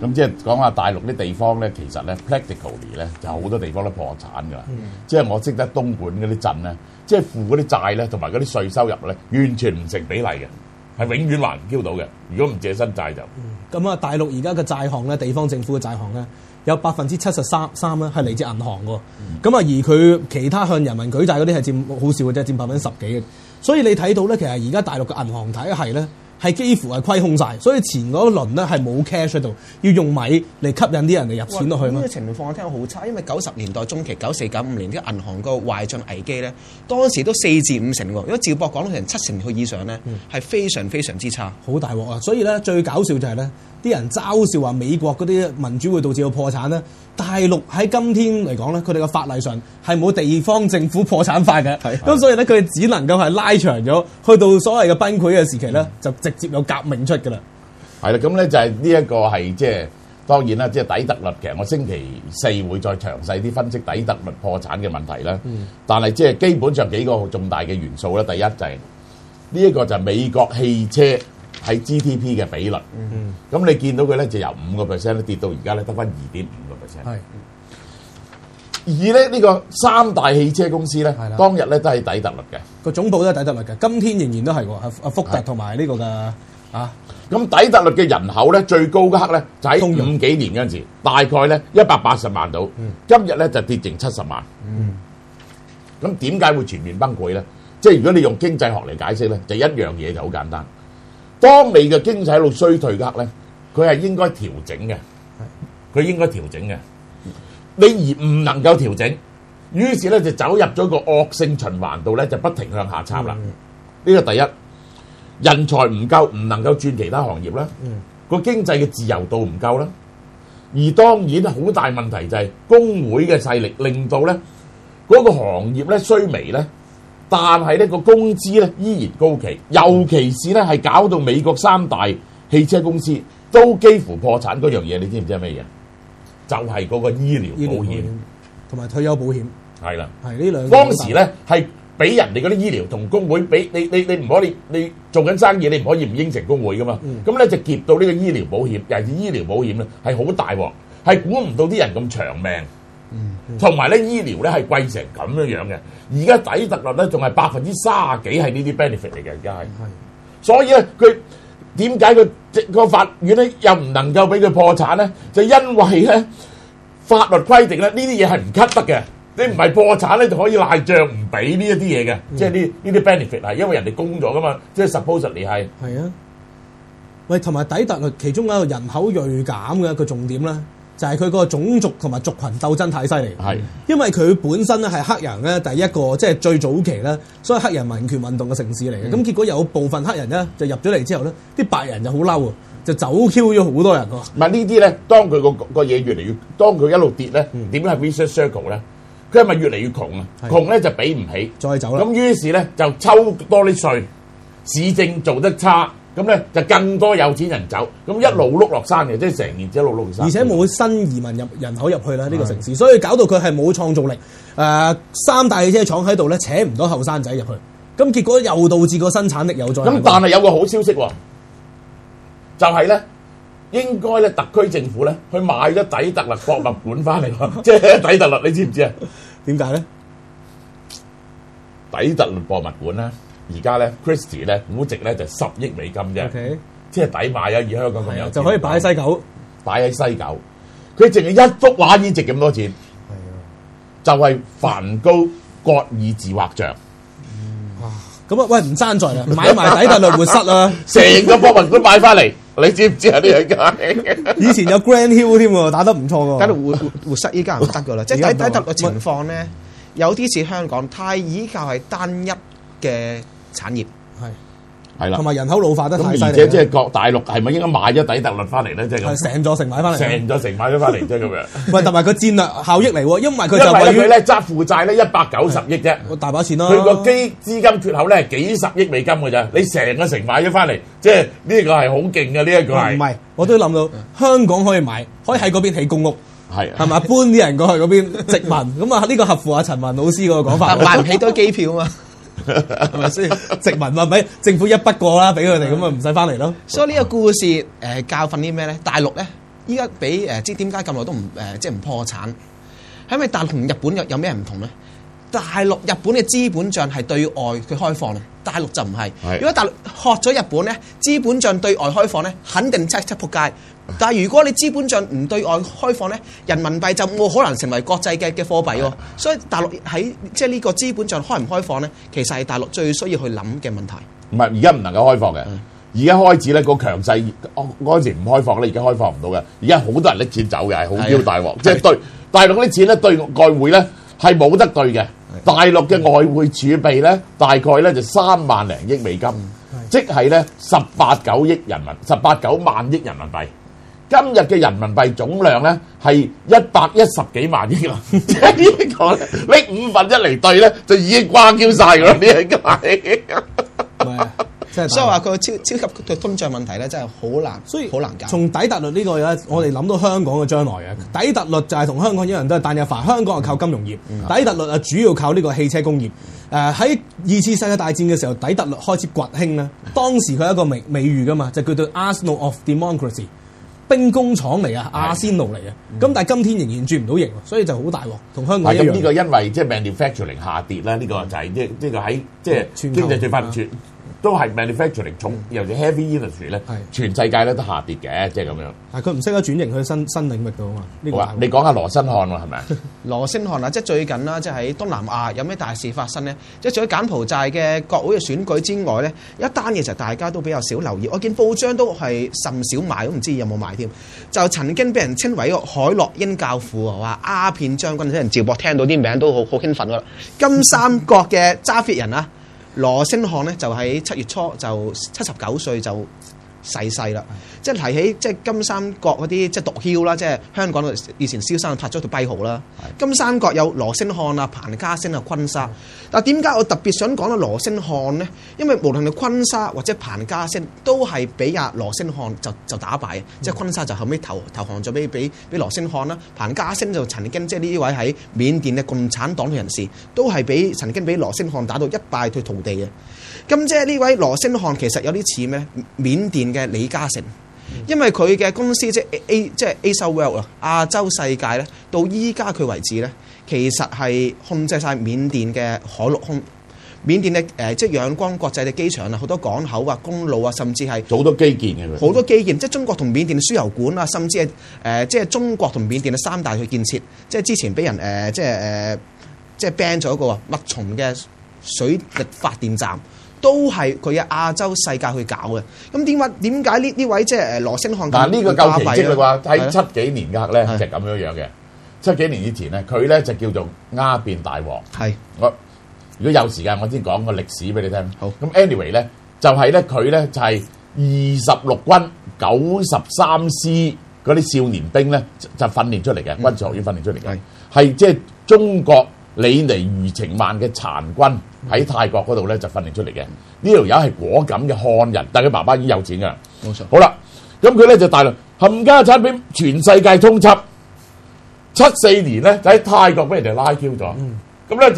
咁即係講下大陸啲地方咧，其實咧 practically 咧，就好多地方都破產㗎。嗯、即係我識得東莞嗰啲鎮咧，即係負嗰啲債咧，同埋嗰啲稅收入咧，完全唔成比例嘅，係永遠還唔嬌到嘅。如果唔借新債就。咁啊、嗯，大陸而家嘅債項咧，地方政府嘅債項咧，有百分之七十三三咧，係嚟自銀行嘅。咁啊、嗯，而佢其他向人民舉債嗰啲係佔好少嘅，即係佔百分之十幾嘅。所以你睇到咧，其實而家大陸嘅銀行體系咧。係幾乎係虧空晒，所以前嗰輪咧，係冇 cash 喺度，要用米嚟吸引啲人嚟入錢落去嘛。呢、呢個情況我聽講好差，因為九十年代中期，九四九五年啲銀行個壞帳危機咧，當時都四至五成喎，如果趙博講到成七成去以上咧，係、嗯、非常非常之差，好大鑊啊！所以咧最搞笑就係咧。啲人嘲笑話美國嗰啲民主會導致佢破產啦，大陸喺今天嚟講咧，佢哋嘅法例上係冇地方政府破產法嘅，咁所以咧佢哋只能夠係拉長咗，去到所謂嘅崩潰嘅時期咧，就直接有革命出噶啦。係啦，咁咧就係呢一個係即係當然啦，即係底特律。其實我星期四會再詳細啲分析底特律破產嘅問題啦。嗯，但係即係基本上幾個好重大嘅元素啦，第一就係呢一個就係美國汽車。喺 GDP 嘅比率，咁、嗯、哼你見到佢咧就由五個 percent 跌到呢是而家咧得翻二點五個 percent。係，而咧呢個三大汽車公司咧，的當日咧都係底特律嘅個總部都係底特律嘅，今天仍然都係喎。阿、啊、阿福特同埋呢個嘅是啊，咁底特律嘅人口咧最高嗰刻咧就喺五幾年嗰陣時，大概咧一百八十萬度。嗯、今日咧就跌成七十萬。嗯，咁點解會全面崩潰咧？即、就、係、是、如果你用經濟學嚟解釋咧，就一樣嘢就好簡單。當你嘅經濟喺度衰退刻咧，佢係應該調整嘅，佢應該調整嘅。你而唔能夠調整，於是咧就走入咗個惡性循環度咧，就不停向下插啦。呢個、嗯、第一，人才唔夠，唔能夠轉其他行業啦。嗯，個經濟嘅自由度唔夠啦。而當然好大問題就係工會嘅勢力，令到咧嗰個行業咧衰微咧。但係呢個工資咧依然高企，尤其是咧係搞到美國三大汽車公司都幾乎破產嗰樣嘢，你知唔知係咩嘢？就係、是、嗰個醫療保險同埋退休保險。係啦的，係呢兩。兩當時呢係俾人哋嗰啲醫療同工會俾你，你唔可以，你做緊生意你唔可以唔應承工會噶嘛。咁呢、嗯、就劫到呢個醫療保險，尤其是醫療保險呢係好大鑊，係估唔到啲人咁長命。嗯，同埋咧醫療咧係貴成咁樣樣嘅，而家底特律咧仲係百分之卅幾係呢啲 benefit 嚟嘅，而家係，嗯、所以咧佢點解佢即個法院咧又唔能夠俾佢破產咧？就因為咧法律規定咧呢啲嘢係唔 cut 得嘅，嗯、你唔係破產咧就可以賴賬唔俾呢一啲嘢嘅，嗯、即係呢呢啲 benefit 係因為人哋供咗噶嘛，即係 supposedly 係係啊的，喂，同埋底特律其中一個人口銳減嘅一個重點咧。就係佢個種族同埋族群鬥爭太犀利，的因為佢本身咧係黑人咧第一個即係、就是、最早期咧，所謂黑人民權運動嘅城市嚟嘅。咁、嗯、結果有部分黑人咧就入咗嚟之後咧，啲白人就好嬲啊，就走 Q 咗好多人個。唔係呢啲咧，當佢個個嘢越嚟越，當佢一路跌咧，點解係 vicious circle 咧？佢係咪越嚟越窮啊？的窮咧就俾唔起，再走啦。咁於是咧就抽多啲稅，市政做得差。咁咧就更多有錢人走，咁一路碌落山嘅，即係成年之後碌落山。就是、山而且冇新移民入人口入去啦，呢是的 個城市，所以搞到佢係冇創造力。誒、呃，三大汽車廠喺度咧請唔到後生仔入去，咁結果又導致個生產力有災。咁但係有個好消息喎、啊，就係、是、咧應該咧特區政府咧去買咗底特律博物館翻嚟，即係底特律，你知唔知啊？點解咧？底特律博物館啦。而家咧，Christie 咧，估值咧就十億美金啫，即係抵買啊！以香港咁有就可以擺喺西九，擺喺西九，佢淨係一幅畫已經值咁多錢，係啊，就係梵高《割耳自畫像》。哇！咁啊，喂，唔爭在啦，買埋底特律活塞啊，成個博物館買翻嚟，你知唔知係呢咩鬼？以前有 Grand Hill 添喎，打得唔錯喎。梗係活活活塞依家唔得噶啦，即係底底特律情況咧，有啲似香港，太依靠係單一嘅。產業係係啦，同埋人口老化都太犀利啦。咁即係各大陸係咪應該買咗底特律翻嚟咧？即係成座城買翻嚟，成座城買咗翻嚟即係咁樣。唔係，同埋個戰略效益嚟，因為佢就為佢咧揸負債咧一百九十億啫，大把錢咯。佢個基資金缺口咧幾十億美金噶咋？你成個城買咗翻嚟，即係呢個係好勁嘅呢一個係。唔係，我都諗到香港可以買，可以喺嗰邊起公屋，係係咪搬啲人過去嗰邊殖民？咁啊呢個合乎阿陳文老師個講法，買唔起堆機票啊嘛。係咪先殖民？咪俾政府一筆過啦，俾佢哋咁啊，唔使翻嚟咯。所以呢個故事誒、呃，教訓啲咩咧？大陸咧，依家俾誒，即點解咁耐都唔誒，即係唔破產？係咪大陸同日本有有咩唔同咧？大陸日本嘅資本賬係對外佢開放，大陸就唔係。對 如果大陸學咗日本咧，資本賬對外開放咧，肯定七七仆街。但係，如果你資本帳唔對外開放咧，人民幣就冇可能成為國際嘅嘅貨幣喎、啊。 所以大陸喺即係呢個資本帳開唔開放咧，其實係大陸最需要去諗嘅問題。唔係而家唔能夠開放嘅，而家、嗯、開始咧個強勢嗰陣時唔開放咧，而家開放唔到嘅。而家好多人拎錢走嘅係好飈大鑊，即係、啊啊、對大陸啲錢咧對外匯咧係冇得兌嘅。啊、大陸嘅外匯儲備咧大概咧就三萬零億美金，即係咧十八九億人民十八九萬億人民幣。今日嘅人民幣總量咧係一百一十幾萬億啦，呢個搦五分一嚟對咧，就已經掛鉤曬㗎啦，即係，所以話佢超超級嘅通脹問題咧真係好難，所以好難解。從底特律呢個咧，我哋諗到香港嘅將來啊！底特律就係同香港一樣都係單一化，香港係靠金融業，底特律啊主要靠呢個汽車工業。誒喺二次世界大戰嘅時候，底特律開始崛起啦，當時佢係一個美美譽噶嘛，就叫做 Arsenal of Democracy。兵工廠嚟啊，阿的仙奴嚟啊，咁、嗯、但係今天仍然轉唔到型，所以就好大鑊，同香港一樣。咁呢、這個因為即係 manufacturing 下跌啦，呢、這個就係即即係喺即係經濟最發唔轉。啊都係 manufacturing 重，尤其 heavy industry 全世界咧都，都下跌嘅，即係咁樣。但係佢唔識得轉型去新新領域度啊嘛。我話你講下羅星漢喎，係咪啊？羅星漢啊，即係最近啦，即係喺東南亞有咩大事發生咧？即係除咗柬埔寨嘅國會嘅選舉之外咧，一單嘢就大家都比較少留意。我見報章都係甚少買，都唔知有冇買添。就曾經被人稱為海洛因教父啊，話鴉片將軍，即者人趙博聽到啲名都好好興奮㗎。 金三角嘅揸 fit 人啊！羅星漢呢，就喺七月初，就七十九歲，就。細細啦，即係提起即係金三角嗰啲即係毒梟啦，即係香港以前蕭生拍咗條跛豪啦。是的 金三角有羅星漢啊、彭家星啊、坤沙。但係點解我特別想講到羅星漢呢？因為無論係坤沙或者彭家星，都係俾阿羅星漢就就打敗、嗯、即係坤沙就後尾投投降咗，俾俾俾羅星漢啦。彭家星就曾經即係呢位喺緬甸嘅共產黨嘅人士，都係俾曾經俾羅星漢打到一敗退塗地嘅。咁即係呢位羅星漢其實有啲似咩咧？緬甸嘅李嘉誠，因為佢嘅公司即係 A 即係 Asia World 啊，亞洲世界咧，到依家佢為止咧，其實係控制晒緬甸嘅海陸空，緬甸嘅誒、呃、即係仰光國際嘅機場啊，好多港口啊、公路啊，甚至係好多基建嘅，好多基建即係中國同緬甸輸油管啊，甚至係誒、呃、即係中國同緬甸嘅三大去建設，即係之前俾人誒、呃、即係誒、呃、即係 ban 咗一個密松嘅水力發電站。都係佢嘅亞洲世界去搞嘅，咁點解點解呢？呢位即係羅星漢教授？嗱，呢個舊成績啦啩，喺七幾年嘅咧，就係咁樣樣嘅。七幾年以前咧，佢咧就叫做鴉片大王。係我如果有時間，我先講個歷史俾你聽。好咁，anyway 咧，就係咧佢咧就係二十六軍九十三師嗰啲少年兵咧，就訓練出嚟嘅軍事學院訓練出嚟嘅，係即係中國。李尼余程萬嘅殘軍喺泰國嗰度咧，就訓練出嚟嘅呢條友係果敢嘅漢人，但係佢爸爸已經有錢㗎，冇錯、嗯。好啦，咁佢咧就大量冚家產俾全世界通緝。七四年咧就喺泰國俾人哋拉 Q 咗，咁咧、嗯、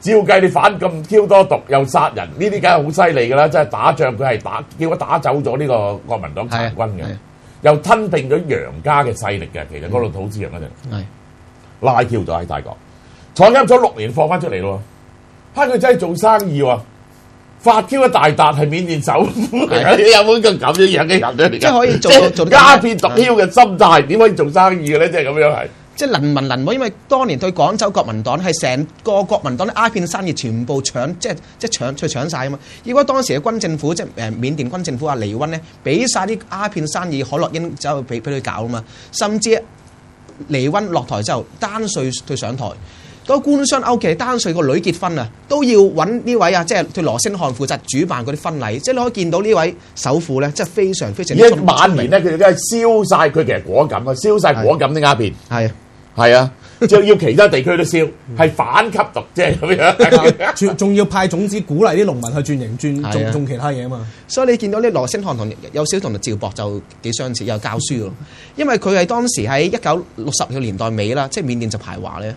就照計你反咁挑多毒又殺人，呢啲梗係好犀利㗎啦！即係打仗佢係打，結果打走咗呢個國民黨殘軍嘅，又吞並咗楊家嘅勢力嘅。其實嗰度土司人嗰陣拉 Q 咗喺泰國。坐咗咗六年，放翻出嚟咯。哈！佢真係做生意喎，發嬌一大笪係緬甸首富嚟的 有冇咁咁嘅樣嘅人，即係可以做即做啲鴉片毒梟嘅心態，點可以做生意嘅咧？即係咁樣係即係能文能武。因為當年對廣州國民黨係成個國民黨啲鴉片生意全部搶，即係即係搶，再搶曬啊嘛。如果當時嘅軍政府即係誒緬甸軍政府阿尼温咧，俾晒啲鴉片生意海洛英走去俾俾佢搞啊嘛，甚至阿尼温落台之後丹瑞佢上台。個官商勾結，單純個女結婚啊，都要揾呢位啊，即係佢羅星漢負責主辦嗰啲婚禮，即係你可以見到呢位首富咧，即係非常非常。而晚年咧，佢哋都係燒晒佢嘅果敢咯，燒晒果敢啲鴉片係係啊，仲要其他地區都燒，係 反吸毒啫。咁、即係、樣，仲 要派種子鼓勵啲農民去轉型轉種種的其他嘢啊嘛。所以你見到呢羅星漢同有少同埋趙博就幾相似，又教書咯，因為佢係當時喺一九六十年代尾啦，即係緬甸就排華咧。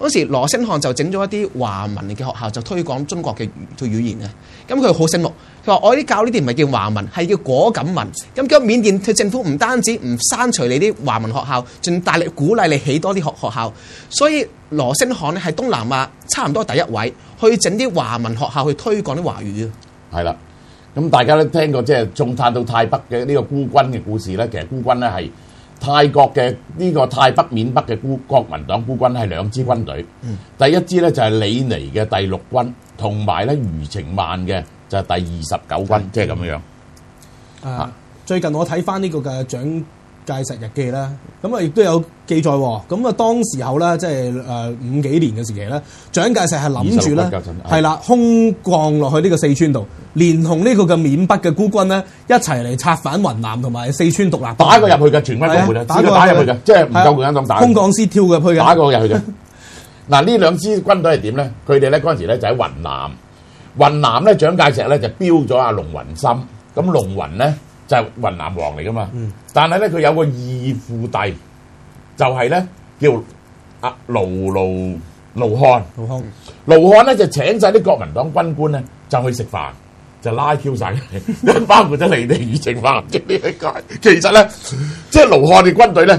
嗰時羅星漢就整咗一啲華文嘅學校，就推廣中國嘅語言嘅。咁佢好醒目，佢話我啲教呢啲唔係叫華文，係叫果敢文。咁而家緬甸政府唔單止唔刪除你啲華文學校，仲大力鼓勵你起多啲學學校。所以羅星漢咧係東南亞差唔多第一位去整啲華文學校去推廣啲華語啊。係啦，咁大家都聽過即係中駕到泰北嘅呢個孤軍嘅故事啦。其實孤軍咧係。泰國嘅呢、這個泰北，緬北、緬北嘅孤國民黨孤軍係兩支軍隊，嗯、第一支咧就係、是、李尼嘅第六軍，同埋咧余程萬嘅就係第二十九軍，即係咁樣。啊！啊最近我睇翻呢個嘅長。介石日記啦，咁啊亦都有記載，咁啊當時候咧，即係誒五幾年嘅時期咧，蔣介石係諗住咧，係啦，空降落去呢個四川度，連同呢個嘅緬北嘅孤軍咧，一齊嚟策反雲南同埋四川獨立，打一個入去嘅，全軍覆沒啦，打個入去嘅，的即係唔夠人哋打，空降師跳入去嘅，打一個入去嘅。嗱呢兩支軍隊係點咧？佢哋咧嗰陣時咧就喺雲南，雲南咧蔣介石咧就標咗阿龍雲心，咁龍雲咧。就係雲南王嚟㗎嘛？嗯、但係咧，佢有個義父弟，就係、是、咧叫阿盧盧盧漢。盧漢，盧漢咧漢就請晒啲國民黨軍官咧就去食飯，就拉 Q 曬，包括咗李彌、余程萬。其實咧，即係盧漢嘅軍隊咧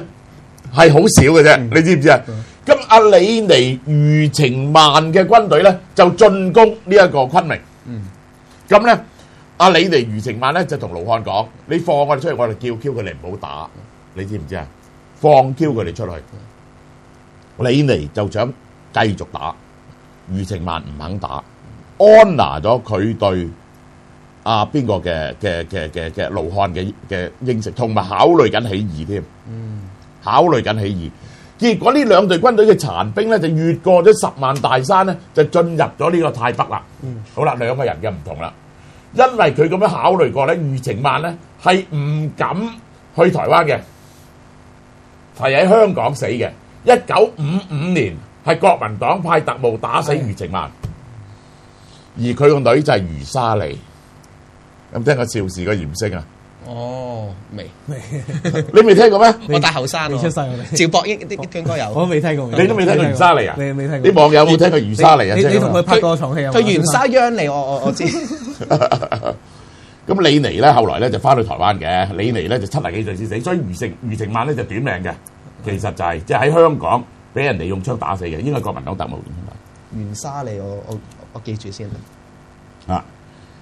係好少嘅啫，你知唔知啊？咁阿、嗯、李彌、余程萬嘅軍隊咧就進攻呢一個昆明。咁咧。嗯嗯嗯嗯阿李尼余程萬咧就同盧漢講：你放我哋出去，我哋叫 Q 佢哋唔好打。你知唔知啊？放 Q 佢哋出去，李尼就想繼續打。余程萬唔肯打，嗯、安拿咗佢對阿邊、啊、個嘅嘅嘅嘅嘅盧漢嘅嘅認識，同埋考慮緊起義添。嗯，考慮緊起義，結果呢兩隊軍隊嘅殘兵咧就越過咗十萬大山咧，就進入咗呢個泰北啦。嗯、好啦，兩個人嘅唔同啦。因為佢咁樣考慮過咧，余程萬咧係唔敢去台灣嘅，係喺香港死嘅。一九五五年係國民黨派特務打死余程萬，而佢個女就係余莎莉。有冇聽過邵氏嘅艷星啊？哦，未未，你未聽過咩？我大後生，你出世，趙博益啲應該有，我未聽過，你都未聽過袁莎莉啊？你未聽過？你網友冇聽過袁莎莉啊？你同佢拍過場戲啊？佢袁莎央嚟，我我我知。咁李妮咧，後來咧就翻去台灣嘅。李妮咧就七嚟幾歲先死，所以余成余成萬咧就短命嘅。其實就係即係喺香港俾人哋用槍打死嘅，應該係國民黨特務員。袁莎莉，我我我記住先啦。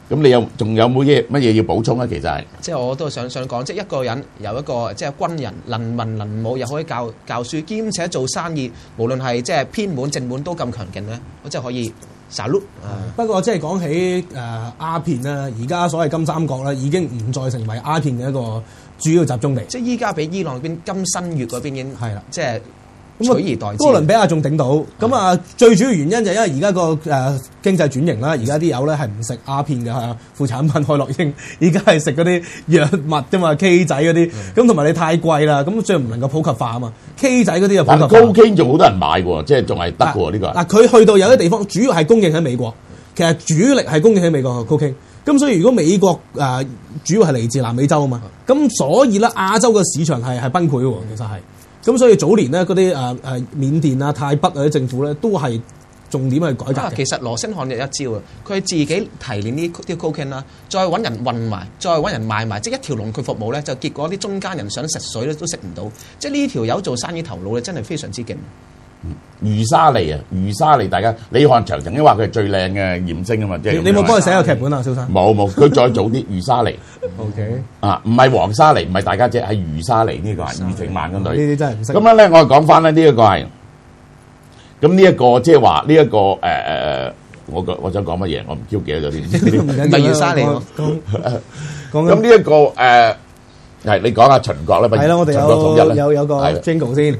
咁你有仲有冇嘢乜嘢要補充啊？其實係，即係我都想想講，即係一個人有一個即係軍人、能文能武，又可以教教書，兼且做生意，無論係即係偏門、正門都咁強勁咧，我真係可以 salute。不過即係講起誒鴉片咧，而家所謂金三角咧，已經唔再成為鴉片嘅一個主要集中地。即係依家俾伊朗嗰邊金新月嗰邊已經係啦，即係。咁啊，取而代之哥倫比亞仲頂到，咁啊，最主要原因就係因為而家個誒經濟轉型啦，而家啲友咧係唔食鴉片嘅，係啊副產品海洛英，而家係食嗰啲藥物㗎嘛，K 仔嗰啲，咁同埋你太貴啦，咁最唔能夠普及化啊嘛，K 仔嗰啲又普及化。但高 K 仲好多人買喎，即係仲係得喎呢個。嗱佢、啊啊、去到有啲地方，主要係供應喺美國，嗯、其實主力係供應喺美國高 K，咁所以如果美國誒、啊、主要係嚟自南美洲啊嘛，咁所以咧亞洲嘅市場係係崩潰喎、嗯，其實係。咁所以早年咧嗰啲誒誒緬甸啊泰北啊，啲政府咧都係重點去改革，啊。其實羅星漢有一招啊，佢自己提煉啲啲 cocaine 啦，再揾人運埋，再揾人賣埋，即係一條龍佢服務咧，就結果啲中間人想食水咧都食唔到，即係呢條友做生意頭腦咧真係非常之勁。虞沙彌啊，虞沙彌，大家李看祥曾啲話佢係最靚嘅艷星啊嘛，即係你冇幫佢寫個劇本啊，小生冇冇，佢再早啲虞沙彌，OK 啊，唔係黃沙彌，唔係大家姐，係虞沙彌，呢個係虞靜晚嘅女，呢啲真係咁樣咧，我講翻呢，呢一個係咁，呢一個即係話呢一個誒誒，我我想講乜嘢？我唔 r e c 咗先。第二沙彌，講咁呢一個誒，係你講下秦國啦。係啦，我哋有有有個 j i 先。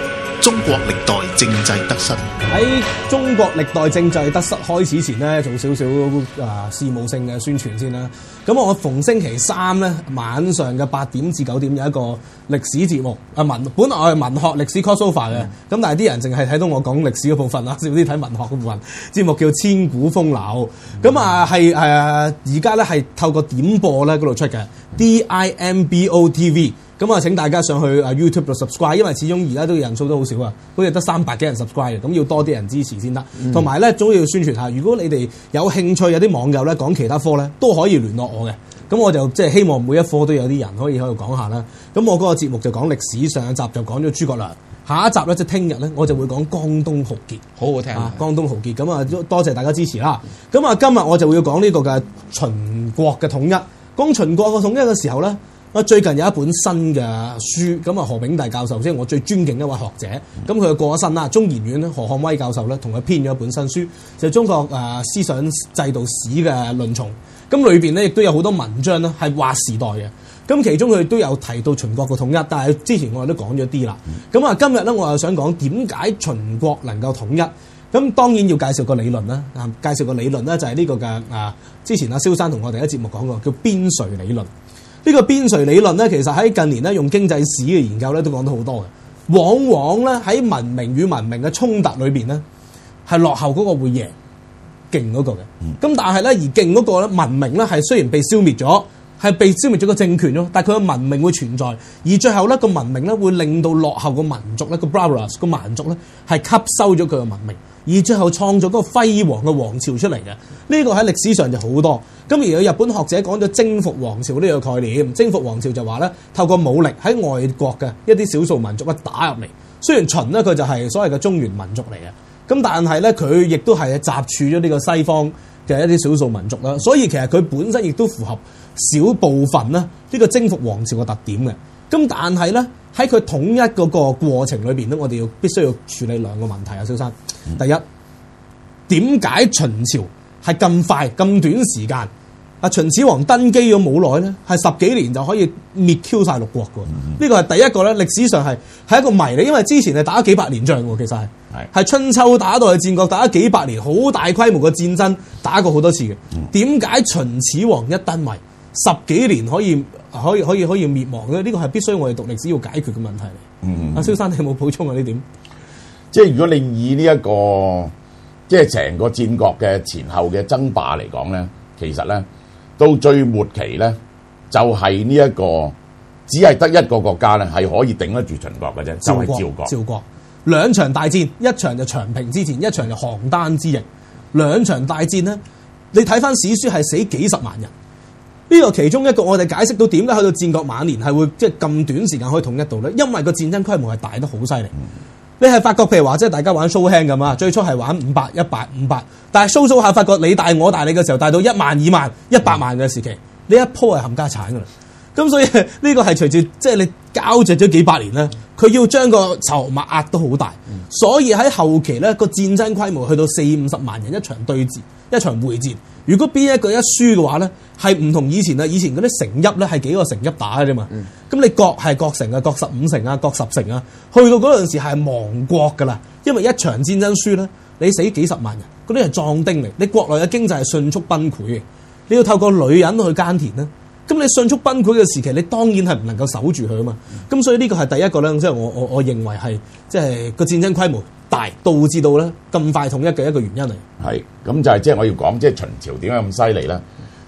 中國歷代政制得失，喺中國歷代政制得失開始前咧，做少少啊事務性嘅宣傳先啦。咁我逢星期三咧晚上嘅八點至九點有一個歷史節目啊文，本來我係文學歷史 crossover 嘅，咁但係啲人淨係睇到我講歷史嗰部分啦，少啲睇文學嗰部分。節目叫千古風流，咁、嗯、啊係誒而家咧係透過點播咧嗰度出嘅，d i m b o t v。TV, 咁啊！請大家上去啊 YouTube 度 subscribe，因為始終而家都人數都好少啊，好似得三百幾人 subscribe 啊！咁要多啲人支持先得。同埋咧，都要宣傳下。如果你哋有興趣，有啲網友咧講其他科咧，都可以聯絡我嘅。咁我就即係希望每一科都有啲人可以喺度講下啦。咁我嗰個節目就講歷史上一集，就講咗諸葛亮。下一集咧，即係聽日咧，我就會講江東豪傑，好好聽啊！江東豪傑。咁啊，多謝大家支持啦。咁啊、嗯，今日我就會要講呢個嘅秦國嘅統一。講秦國嘅統一嘅時候咧。我最近有一本新嘅書，咁啊何炳棣教授即係、就是、我最尊敬一位學者，咁佢就過咗身啦。中研院何漢威教授咧，同佢編咗一本新書，就是、中國啊思想制度史嘅論叢。咁裏邊咧亦都有好多文章咧係劃時代嘅。咁其中佢都有提到秦國嘅統一，但係之前我哋都講咗啲啦。咁啊今日咧我啊想講點解秦國能夠統一？咁當然要介紹個理論啦，啊介紹個理論咧就係呢、這個嘅啊之前啊蕭生同我哋一節目講過叫邊陲理論。呢個邊陲理論咧，其實喺近年咧用經濟史嘅研究咧，都講得好多嘅。往往咧喺文明與文明嘅衝突裏邊咧，係落後嗰個會贏勁嗰個嘅。咁但係咧，而勁嗰個咧文明咧，係雖然被消滅咗，係被消滅咗個政權咯，但係佢嘅文明會存在。而最後咧，個文明咧會令到落後個民族咧，個 barbarous 個民族咧係吸收咗佢嘅文明。而最後創造嗰個輝煌嘅王朝出嚟嘅，呢個喺歷史上就好多咁。而有日本學者講咗征服王朝呢個概念，征服王朝就話咧，透過武力喺外國嘅一啲少數民族啊打入嚟。雖然秦咧佢就係所謂嘅中原民族嚟嘅，咁但係咧佢亦都係雜處咗呢個西方嘅一啲少數民族啦。所以其實佢本身亦都符合少部分啦呢、呢個征服王朝嘅特點嘅。咁但係咧喺佢統一嗰個過程裏邊咧，我哋要必須要處理兩個問題啊，蕭生。.第一，點解秦朝係咁快咁短時間？阿秦始皇登基咗冇耐咧，係十幾年就可以滅 Q 晒六國嘅。呢個係第一個咧，歷史上係係一個謎咧，因為之前係打咗幾百年仗嘅，其實係係是春秋打到去戰國，打咗幾百年，好大規模嘅戰爭打過好多次嘅。點解、嗯、秦始皇一登位，十幾年可以可以可以可以滅亡咧？呢個係必須我哋讀歷史要解決嘅問題嚟。阿蕭、嗯嗯嗯、生，你有冇補充啊？呢點？即係如果你以呢、這、一個即係成個戰國嘅前後嘅爭霸嚟講咧，其實咧到最末期咧就係呢一個，只係得一個國家咧係可以頂得住秦國嘅啫，就係、是、趙國。趙國，國兩場大戰，一場就長平之戰，一場就邯鄲之役。兩場大戰咧，你睇翻史書係死幾十萬人。呢、這個其中一個我哋解釋到點解去到戰國晚年係會即係咁短時間可以統一度咧，因為個戰爭規模係大得好犀利。嗯你係發覺，譬如話，即係大家玩 show hand 咁啊，最初係玩五百、一百、五百，但係 show show 下發覺你大我大你嘅時候，大到一萬、二萬、一百萬嘅時期，呢、嗯、一鋪係冚家鏟㗎啦。咁所以呢個係隨住即係你交戰咗幾百年咧，佢、嗯、要將個籌碼壓到好大，嗯、所以喺後期咧個戰爭規模去到四五十萬人一場對戰，一場會戰。如果邊一個一輸嘅話咧，係唔同以前啊，以前嗰啲城邑咧係幾個城邑打嘅啫嘛。咁、嗯、你各係各城啊，各十五城啊，各十城啊，去到嗰陣時係亡國噶啦。因為一場戰爭輸咧，你死幾十萬人，嗰啲係壯丁嚟，你國內嘅經濟係迅速崩潰嘅，你要透過女人去耕田咧。咁你迅速崩潰嘅時期，你當然係唔能夠守住佢啊嘛。咁所以呢個係第一個咧，即係我我我認為係即係個戰爭規模大，導致到咧咁快統一嘅一個原因嚟。係咁就係即係我要講，即係秦朝點解咁犀利咧？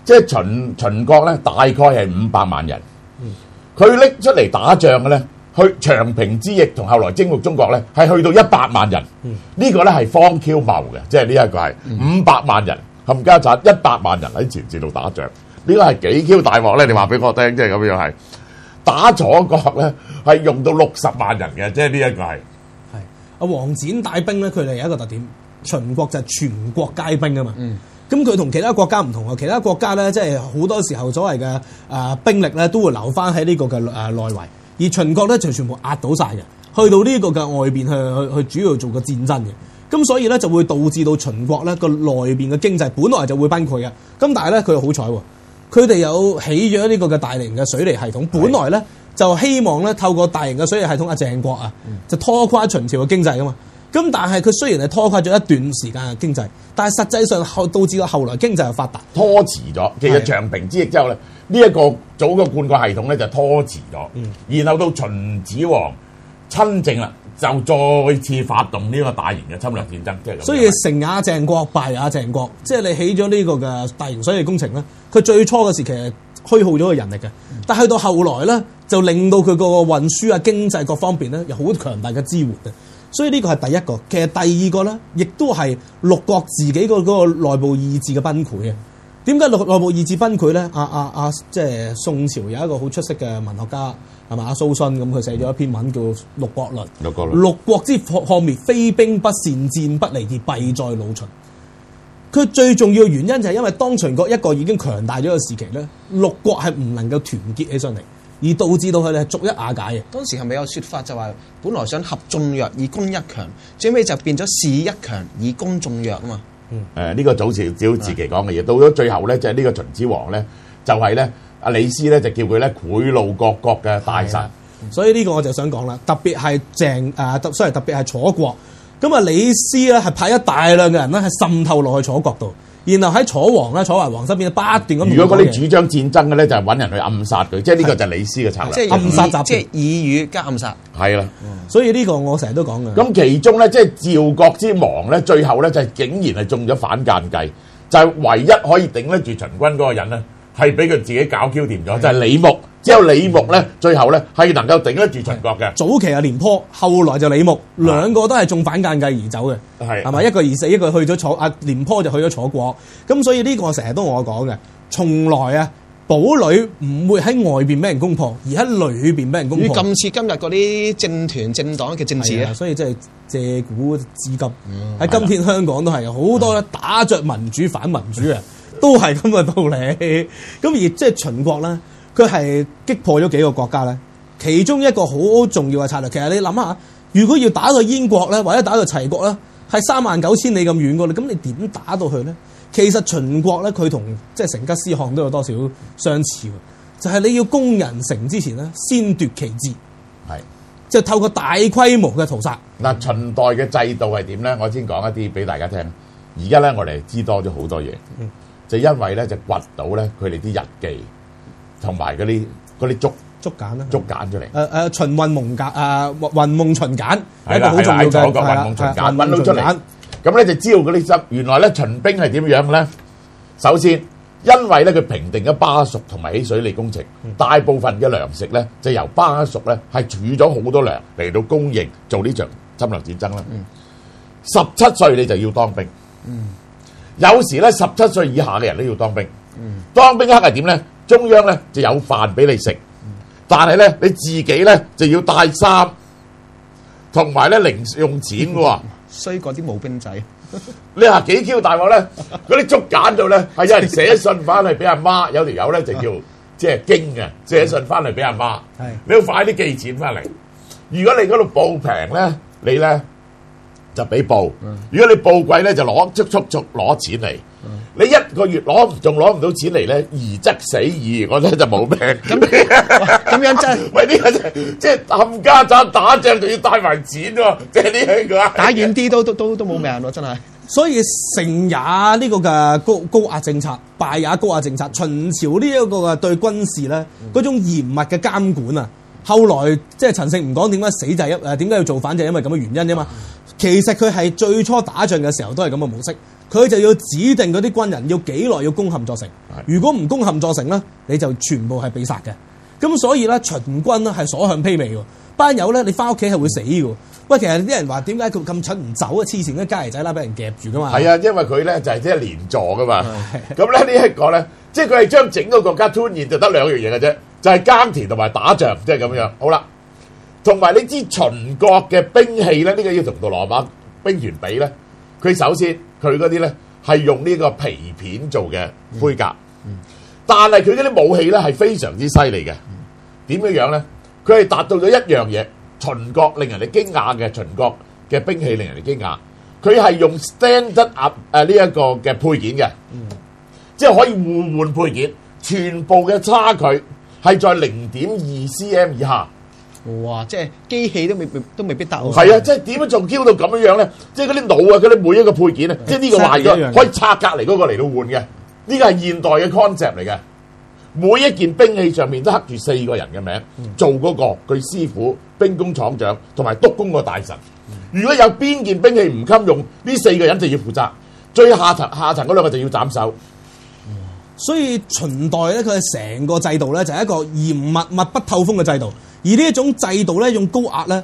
即係秦秦國咧，大概係五百萬人，佢拎、嗯、出嚟打仗嘅咧，去長平之役同後來征服中國咧，係去到一百萬人。嗯，呢個咧係荒謬嘅，即係呢一個係五百萬人冚家鏟一百萬人喺前線度打仗。呢個係幾 Q 大鑊咧？你話俾我聽，即係咁樣係打楚國咧，係用到六十萬人嘅，即係呢一個係。係阿王翦帶兵咧，佢哋有一個特點，秦國就係全國皆兵啊嘛。嗯，咁佢同其他國家唔同啊，其他國家咧即係好多時候所謂嘅誒、呃、兵力咧都會留翻喺呢個嘅誒、呃、內圍，而秦國咧就全部壓倒晒嘅，去到呢個嘅外邊去去去主要做個戰爭嘅。咁所以咧就會導致到秦國咧個內邊嘅經濟本來就會崩潰嘅。咁但係咧佢又好彩喎。佢哋有起咗呢個嘅大型嘅水利系統，是的 本來咧就希望咧透過大型嘅水利系統啊，鄭國啊，就拖垮秦朝嘅經濟啊嘛。咁但係佢雖然係拖垮咗一段時間嘅經濟，但係實際上後導致到後來經濟又發達，拖遲咗。其實長平之役之後咧，呢是的、這個、一個早嘅灌溉系統咧就拖遲咗，嗯、然後到秦始皇親政啦。就再次發動呢個大型嘅侵略戰爭，即、就、係、是、所以成也鄭國，敗也鄭國，即係你起咗呢個嘅大型水利工程咧，佢最初嘅時期其實虛耗咗個人力嘅，但去到後來咧就令到佢個運輸啊、經濟各方面咧有好強大嘅支援嘅，所以呢個係第一個。其實第二個咧，亦都係六國自己個嗰內部意志嘅崩潰嘅。點解內內部意志崩潰咧？阿阿阿，即係宋朝有一個好出色嘅文學家，係咪阿蘇洵咁？佢寫咗一篇文叫《六國論》。六國論，六國之破破滅，非兵不善戰不利，而弊在賂秦。佢最重要嘅原因就係因為當秦國一個已經強大咗嘅時期咧，六國係唔能夠團結起上嚟，而導致到佢哋係逐一瓦解嘅。當時係咪有說法就話，本來想合眾弱以攻一強，最尾就變咗事一強以攻眾弱啊嘛？誒，呢、嗯呃這個總是只自己講嘅嘢。嗯、到咗最後咧，就係、是、呢個秦始皇咧，就係咧阿李斯咧，就叫佢咧賄賂各國嘅大臣、嗯。所以呢個我就想講啦，特別係鄭誒，雖、呃、然特，特，特別係楚國，咁啊李斯咧係派一大量嘅人咧，係滲透落去楚國度。然後喺楚王咧，楚懷王身邊不斷咁，如果嗰啲主張戰爭嘅咧，就係揾人去暗殺佢，即係呢個就係李斯嘅策略。即係暗殺集團，即係耳語、就是、加暗殺。係啦的，哦、所以呢個我成日都講嘅。咁其中咧，即係趙國之亡咧，最後咧就係、是、竟然係中咗反間計，就係、是、唯一可以頂得住秦軍嗰個人咧，係俾佢自己搞 Q 掂咗，的就係李牧。之後李牧咧，最後咧係能夠頂得住秦國嘅。早期係廉頗，後來就李牧，兩個都係中反間計而走嘅。係，係咪一個而死，一個去咗楚？阿廉頗就去咗楚國。咁所以呢個成日都我講嘅，從來啊堡壘唔會喺外邊俾人攻破，而喺裏邊俾人攻破。咁似今次今日嗰啲政團政黨嘅政治咧，所以即係借古知今。喺、嗯、今天香港都係好的多打着民主反民主啊，的都係咁嘅道理。咁而即係秦國咧。佢係擊破咗幾個國家咧，其中一個好重要嘅策略。其實你諗下，如果要打到燕國咧，或者打到齊國咧，係三萬九千里咁遠嘅喎，咁你點打到去咧？其實秦國咧，佢同即係成吉思汗都有多少相似嘅，就係、是、你要攻人城之前咧，先奪其志，係即係透過大規模嘅屠殺。嗱、嗯，秦代嘅制度係點咧？我先講一啲俾大家聽。而家咧，我哋知多咗好多嘢，嗯、就因為咧就掘到咧佢哋啲日記。同埋嗰啲啲竹竹簡啦，竹簡出嚟。誒誒、啊，秦雲夢簡，誒雲夢秦簡，一個好重要嘅係啦。揾到出嚟，咁咧就知道嗰啲執。原來咧，秦兵係點樣咧？首先，因為咧佢平定咗巴蜀同埋起水利工程，大部分嘅糧食咧就由巴蜀咧係儲咗好多糧嚟到供應做呢場侵略戰爭啦。十七、嗯、歲你就要當兵，嗯，嗯兵，有時咧十七歲以下嘅人都要當兵。嗯、當兵嘅係點咧？中央咧就有飯俾你食，但係咧你自己咧就要帶衫，同埋咧零用錢喎。衰過啲冇兵仔，你話幾 Q 大鑊咧？嗰啲竹簡度咧係有人寫信翻嚟俾阿媽， 有條友咧就叫即係驚嘅，寫、就是、信翻嚟俾阿媽，係、嗯、你要快啲寄錢翻嚟。如果你嗰度報平咧，你咧。你呢就俾報。嗯、如果你報貴咧，就攞速速速攞錢嚟。嗯、你一個月攞仲攞唔到錢嚟咧，而則死矣。我咧就冇命咁咁、嗯、 樣真係咪？呢、呢個、即係嗯、即係冚家打打仗，就要帶埋錢喎。即係呢樣嘅打遠啲都、嗯、都都都冇命咯，真係。所以成也呢個嘅高高壓政策，敗也高壓政策。秦朝呢一個嘅對軍事咧嗰、嗯、種嚴密嘅監管啊，後來即係陳勝唔講點解死就一、係，誒點解要做反就係因為咁嘅原因啫嘛。其實佢係最初打仗嘅時候都係咁嘅模式，佢就要指定嗰啲軍人要幾耐要攻陷座城，如果唔攻陷座城咧，你就全部係被殺嘅。咁所以咧，秦軍咧係所向披靡喎，班友咧你翻屋企係會死嘅。喂，其實啲人話點解佢咁蠢唔走啊？黐線，啲家兒仔啦，俾人夾住噶嘛。係啊，因為佢咧就係即係連坐噶嘛。咁咧是、啊、呢一個咧，即係佢係將整個國家吞嚟就得兩樣嘢嘅啫，就係、是、耕田同埋打仗，即係咁樣。好啦。同埋呢支秦國嘅兵器咧，呢、呢個要同杜羅馬兵團比咧，佢首先佢嗰啲咧係用呢個皮片做嘅盔甲，嗯、但係佢嗰啲武器咧係非常之犀利嘅。點樣樣咧？佢係達到咗一樣嘢，秦國令人哋驚訝嘅，秦國嘅兵器令人哋驚訝。佢係用 standardize 誒呢一個嘅配件嘅，嗯、即係可以互換，換配件，全部嘅差距係在零點二 cm 以下。哇！即係機器都未，未都未必達好係啊！即係點樣仲嬌到咁樣樣咧？即係嗰啲腦啊，嗰啲每一個配件啊，即係呢個壞咗，可以拆隔籬嗰個嚟到換嘅。呢個係現代嘅 concept 嚟嘅。每一件兵器上面都刻住四個人嘅名，嗯、做嗰個佢師傅、兵工廠長同埋督工個大臣。嗯、如果有邊件兵器唔襟用，呢四個人就要負責。最下層下層嗰兩個就要斬首、嗯。所以秦代咧，佢成個制度咧就係一個嚴密密不透風嘅制度。而呢一種制度咧，用高壓咧，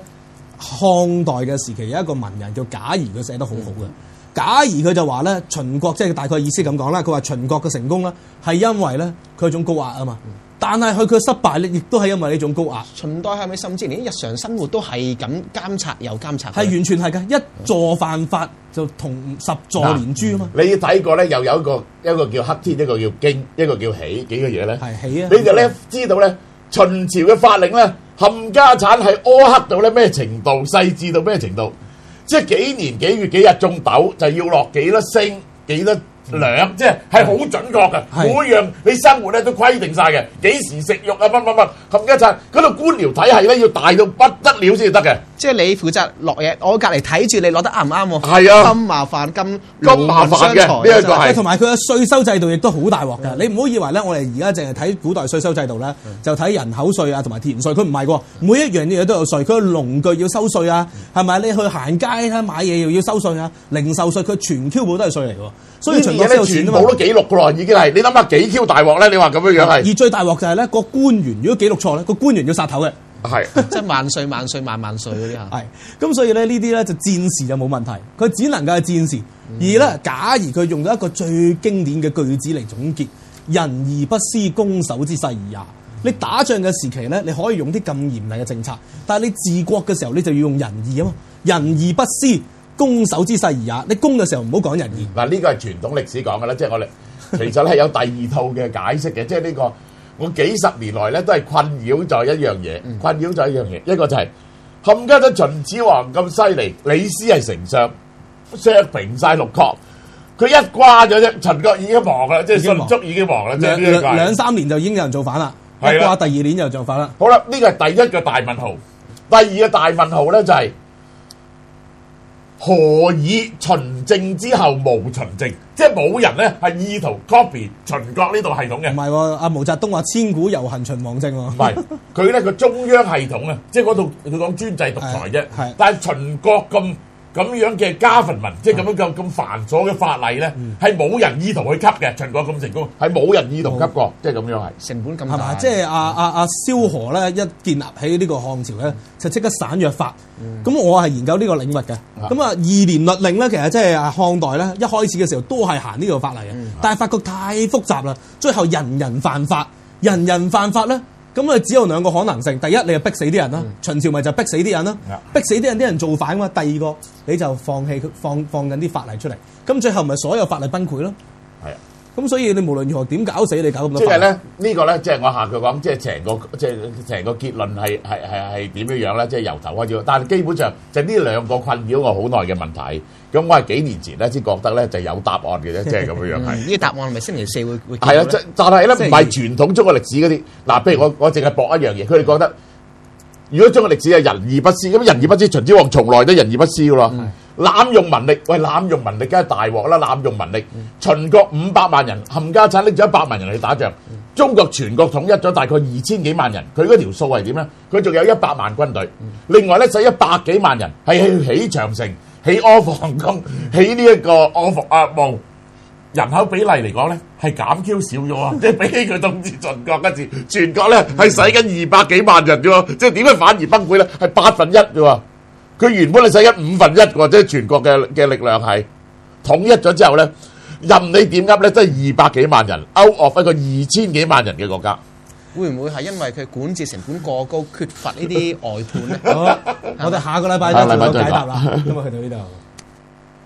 漢代嘅時期有一個文人叫賈誼，佢寫得好好嘅。嗯、賈誼佢就話咧，秦國即係、就是、大概意思咁講啦。佢話秦國嘅成功啦，係因為咧佢種高壓啊嘛。但係佢佢嘅失敗咧，亦都係因為呢種高壓。嗯、高壓秦代係咪甚至連日常生活都係咁監察又監察？係完全係嘅，一坐犯法就同十坐連珠啊嘛。嗯、你睇過咧，又有一個有一個叫黑天，一個叫驚，一個叫喜，幾個嘢咧？係喜。啊！你就咧知道咧，秦朝嘅法令咧。冚家鏟係苛刻到咩程度，細緻到咩程度？即係幾年幾月幾日種豆，就要落幾多升幾多兩，嗯、即係係好準確嘅。嗯、每樣你生活咧都規定晒嘅，幾的時食肉啊？乜乜乜冚家鏟嗰度官僚體系咧，要大到不得了先得嘅。即係你負責落嘢，我隔離睇住你落得啱唔啱喎？係啊，咁麻煩，咁咁麻煩嘅，同埋佢嘅稅收制度亦都好大鑊㗎。的你唔好以為咧，我哋而家淨係睇古代稅收制度咧，的就睇人口稅啊，同埋田稅。佢唔係喎，每一樣嘢都有稅。佢農具要收稅啊，係咪？的你去行街咧買嘢又要收稅啊，零售稅。佢全 Q 部都係稅嚟喎。所以有錢全部都記錄㗎啦，已經係。你諗下幾 Q 大鑊咧？你話咁樣樣係。而最大鑊就係咧個官員，如果記錄錯咧，個官員要殺頭嘅。係，即係萬歲萬歲萬萬歲嗰啲吓。係 咁所以咧呢啲咧就戰時就冇問題，佢只能夠係戰時。而咧，假如佢用咗一個最經典嘅句子嚟總結：仁而不思攻守之勢而也。你打仗嘅時期咧，你可以用啲咁嚴厲嘅政策；但係你治國嘅時候，你就要用仁義啊嘛。仁而不思攻守之勢而也。你攻嘅時候唔好講仁義。嗱，呢個係傳統歷史講嘅啦，即係我哋其實係有第二套嘅解釋嘅， 即係呢個。我幾十年來咧都係困擾咗一樣嘢，嗯、困擾咗一樣嘢，一個就係、是、冚家都秦始皇咁犀利，李斯係丞相削平晒六國，佢一瓜咗啫，秦國已經亡啦，即係迅速已經亡啦，兩兩三年就已經有人造反啦，一瓜的第二年又造反啦。好啦，呢、這個係第一嘅大問號，第二嘅大問號咧就係、是、何以秦政之後無秦政？即係冇人咧，係意圖 copy 秦國呢度系統嘅。唔係喎，阿毛澤東話千古猶行秦王政喎。唔係佢咧，個中央系統啊，即係嗰度佢講專制獨裁啫。係，但係秦國咁。咁樣嘅加份文，即係咁樣咁咁繁瑣嘅法例咧，係冇、嗯、人意圖去吸嘅。秦、嗯、國咁成功，係冇人意圖吸過，有即係咁樣係成本咁，係嘛？即係阿阿阿蕭何咧，一建立起呢個漢朝咧，嗯、就即刻散約法。咁、嗯、我係研究呢個領域嘅。咁啊的，二年律令咧，其實即係漢代咧，一開始嘅時候都係行呢個法例嘅，的但係發覺太複雜啦，最後人，人人犯法，人人犯法咧。咁啊，只有兩個可能性。第一，你係逼死啲人啦，嗯、秦朝咪就逼死啲人啦，嗯、逼死啲人，啲人造反啊嘛。第二個，你就放棄佢放放緊啲法例出嚟，咁最後咪所有法例崩潰咯。係啊。咁所以你無論如何點搞死你搞咁多？即係咧呢、這個咧，即、就、係、是、我下佢講，即係成個即係成個結論係係係係點樣樣咧？即係由頭開始。但係基本上就呢兩個困擾我好耐嘅問題。咁我係幾年前咧先覺得咧就有答案嘅啫。即係咁樣樣係。呢答案係咪星期四會 會呢？係啊，就係啦，唔係傳統中嘅歷史中國歷史嗰啲。嗱，譬如我、嗯、我淨係博一樣嘢，佢哋覺得如果中國歷史係仁義不施，咁仁義不施，秦始皇從來都仁義不施噶咯。嗯嗯。濫用民力，喂！濫用民力梗係大鑊啦！濫用民力，嗯、秦國五百萬人冚家產拎咗一百萬人嚟打仗，中國全國統一咗大概二千幾萬人，佢嗰條數係點咧？佢仲有一百萬軍隊，另外咧使一百幾萬人係去起長城、起阿房宮、起呢一個阿房阿墓、啊。人口比例嚟講咧，係減 Q 少咗啊！即係 比起佢東治秦國嗰時，全國咧係使緊二百幾萬人啫喎，即係點樣反而崩潰咧？係八分一啫喎。佢原本你使一五分一或者全國嘅嘅力量，係統一咗之後咧，任你點噏咧，都係二百幾萬人 out of 一個二千幾萬人嘅國家，會唔會係因為佢管治成本過高，缺乏呢啲外判咧？我哋下個禮拜就到解答啦。咁啊， 今日去到呢度。